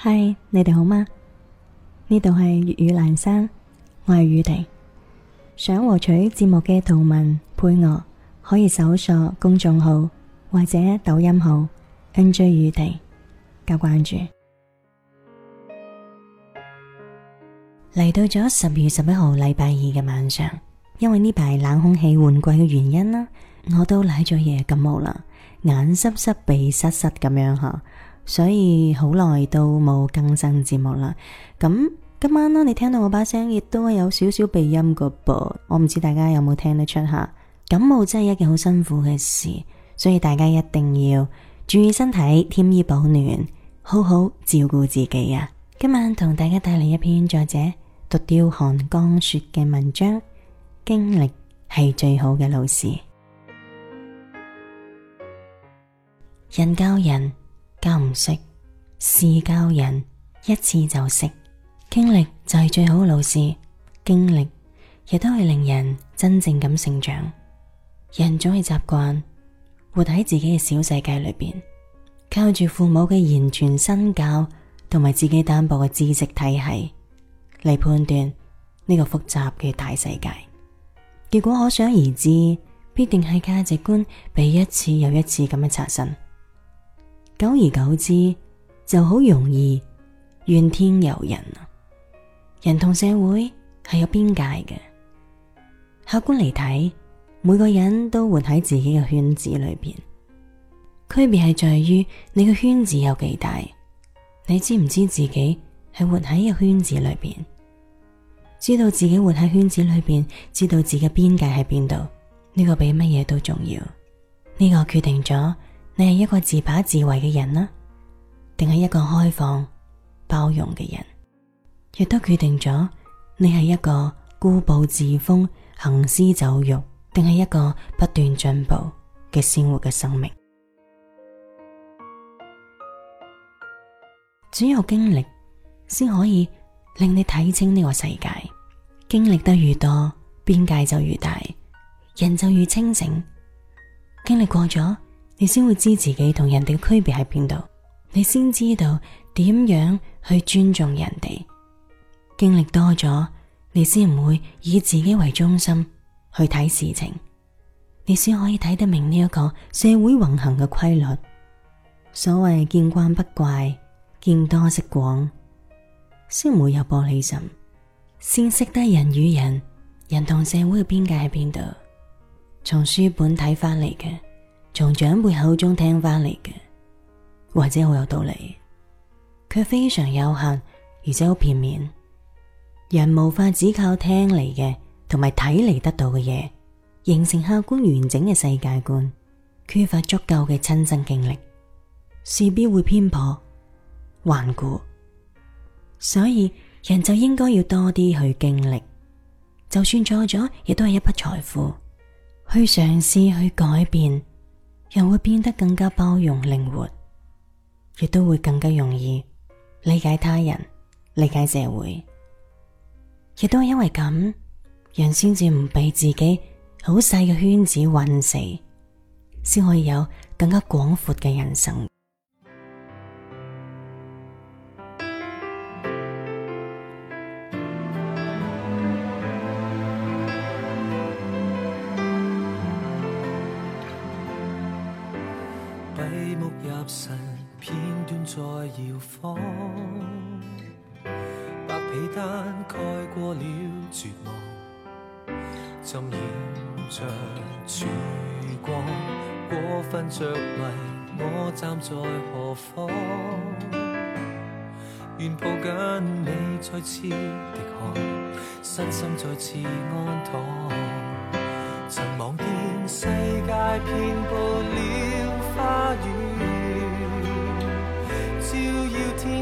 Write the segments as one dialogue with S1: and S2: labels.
S1: 嗨，Hi，你哋好嗎？呢度係粵語蘭生，我係宇婷。想獲取節目嘅圖文配樂，可以搜索公眾號或者抖音號 NJ 宇婷加關注。嚟到咗十月十一號禮拜二嘅晚上，因為呢排冷空氣換季嘅原因啦，我都賴咗嘢感冒啦，眼濕濕、鼻塞塞咁樣吓。所以好耐都冇更新節目啦。咁今晚呢，啊，你聽到我把聲亦都有少少鼻音噶噃。我唔知大家有冇聽得出吓？感冒真係一件好辛苦嘅事，所以大家一定要注意身體，添衣保暖，好好照顧自己啊！今晚同大家帶嚟一篇作者獨釣寒江雪嘅文章，經歷係最好嘅老師，人教人。教唔識，試教人一次就識，經歷就係最好老師。經歷亦都係令人真正咁成長。人總係習慣活喺自己嘅小世界裏邊，靠住父母嘅言傳身教同埋自己單薄嘅知識體系嚟判斷呢個複雜嘅大世界。結果可想而知，必定係價值觀被一次又一次咁樣刷新。久而久之，就好容易怨天尤人。人同社會係有邊界嘅，客觀嚟睇，每個人都活喺自己嘅圈子裏邊。區別係在於你嘅圈子有幾大，你知唔知自己係活喺一個圈子裏邊？知道自己活喺圈子裏邊，知道自己邊界喺邊度，呢個比乜嘢都重要。呢個決定咗，你係一個自把自為嘅人啦，定係一個開放包容嘅人，亦都決定咗你係一個固步自封、行屍走肉，定係一個不斷進步嘅鮮活嘅生命。只有 經歷，先可以令你睇清呢個世界。經歷得越多，邊界就越大，人就越清醒。經歷過咗。你先會知自己同人哋嘅區別喺邊度，你先知道點樣去尊重人哋。經歷多咗，你先唔會以自己為中心去睇事情，你先可以睇得明呢一個社會運行嘅規律。所謂見慣不怪，見多識廣，先唔會有玻璃心，先識得人與人、人同社會嘅邊界喺邊度。從書本睇翻嚟嘅。從長輩口中聽翻嚟嘅，或者好有道理，卻非常有限，而且好片面。人無法只靠聽嚟嘅同埋睇嚟得到嘅嘢，形成客觀完整嘅世界觀。缺乏足夠嘅親身經歷，勢必會偏頗、頑固。所以人就應該要多啲去經歷，就算錯咗，亦都係一筆財富。去嘗試去改變。人會變得更加包容靈活，亦都會更加容易理解他人、理解社會。亦都係因為咁，人先至唔畀自己好細嘅圈子困死，先可以有更加廣闊嘅人生。
S2: 入神片段在搖晃，白被單蓋過了絕望，浸染着曙光，過分着迷，我站在何方？願抱緊你再次滴汗，身心再次安躺，曾望見世界遍布了。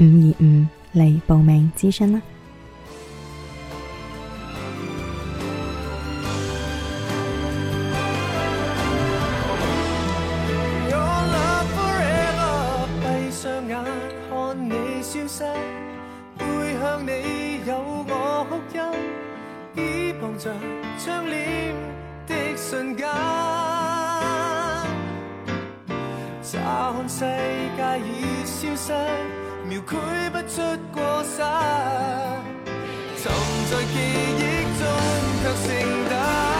S1: 五二五嚟報名諮詢啦！
S2: Your love forever，閉上眼，看你消失，背向你由我哭泣，依傍著張臉的瞬間，世界已消失。描繪不出過失，沉在記憶中卻剩低。